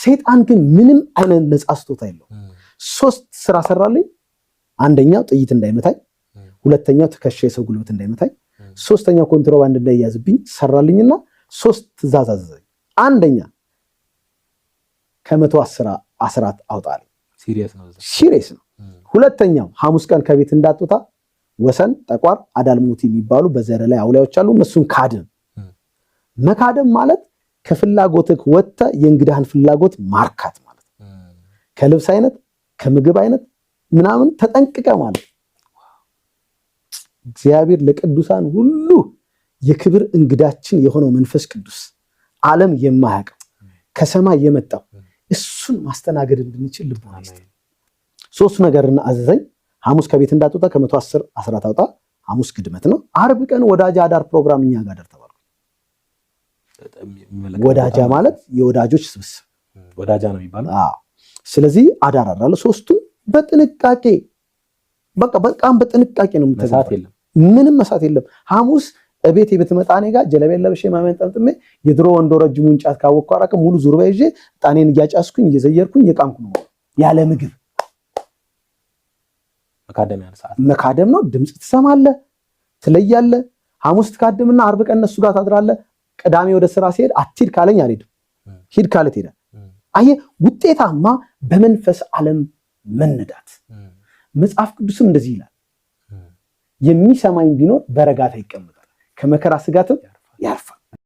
ሰይጣን ግን ምንም አይነት ነፃ ስጦታ የለው። ሶስት ስራ ሰራልኝ። አንደኛው ጥይት እንዳይመታኝ፣ ሁለተኛው ትከሻ የሰው ጉልበት እንዳይመታኝ፣ ሶስተኛው ኮንትሮባንድ እንዳይያዝብኝ ሰራልኝና ሶስት ትእዛዝ አዘዘኝ። አንደኛ ከመቶ አስራ አስራት አውጣል። ሲሪየስ ነው። ሁለተኛው ሐሙስ ቀን ከቤት እንዳትወጣ ወሰን፣ ጠቋር፣ አዳልሞት የሚባሉ በዘረ ላይ አውላዮች አሉ። እነሱን ካድም መካደም ማለት ከፍላጎትህ ወጥተ የእንግዳህን ፍላጎት ማርካት ማለት ነው። ከልብስ አይነት፣ ከምግብ አይነት ምናምን ተጠንቅቀ ማለት እግዚአብሔር ለቅዱሳን ሁሉ የክብር እንግዳችን የሆነው መንፈስ ቅዱስ ዓለም የማያውቀው ከሰማይ የመጣው እሱን ማስተናገድ እንድንችል ልቦና ይስጠን። ሶስቱ ነገርን አዘዘኝ። ሐሙስ ከቤት እንዳትወጣ ከመቶ አስር አስራት አውጣ። ሐሙስ ግድመት ነው። አርብ ቀን ወዳጅ አዳር ፕሮግራም እኛ ጋር ወዳጃ ማለት የወዳጆች ስብስብ ወዳጃ ነው የሚባለው። ስለዚህ አዳር አድራለሁ። ሶስቱም በጥንቃቄ በቃ በጣም በጥንቃቄ ነው የምትሰራት። የለም ምንም መሳት የለም። ሐሙስ እቤት ብትመጣ እኔ ጋር ጀለቤን ለብሼ ማመን ጠምጥሜ የድሮ ወንዶ ረጅሙ እንጫት ካወቅኩ አራቀ ሙሉ ዙርባ ይዤ ጣኔን እያጫስኩኝ እየዘየርኩኝ የቃምኩ ነው ያለ ምግብ መካደም ነው። ድምፅ ትሰማለህ፣ ትለያለህ። ሐሙስ ትካድምና አርብ ቀን እነሱ ጋር ታድራለህ። ቅዳሜ ወደ ስራ ሲሄድ አትሂድ ካለኝ አልሄድም፣ ሂድ ካለ ትሄዳል። አየ ውጤታማ በመንፈስ ዓለም መነዳት። መጽሐፍ ቅዱስም እንደዚህ ይላል፣ የሚሰማኝ ቢኖር በረጋታ ይቀመጣል ከመከራ ስጋትም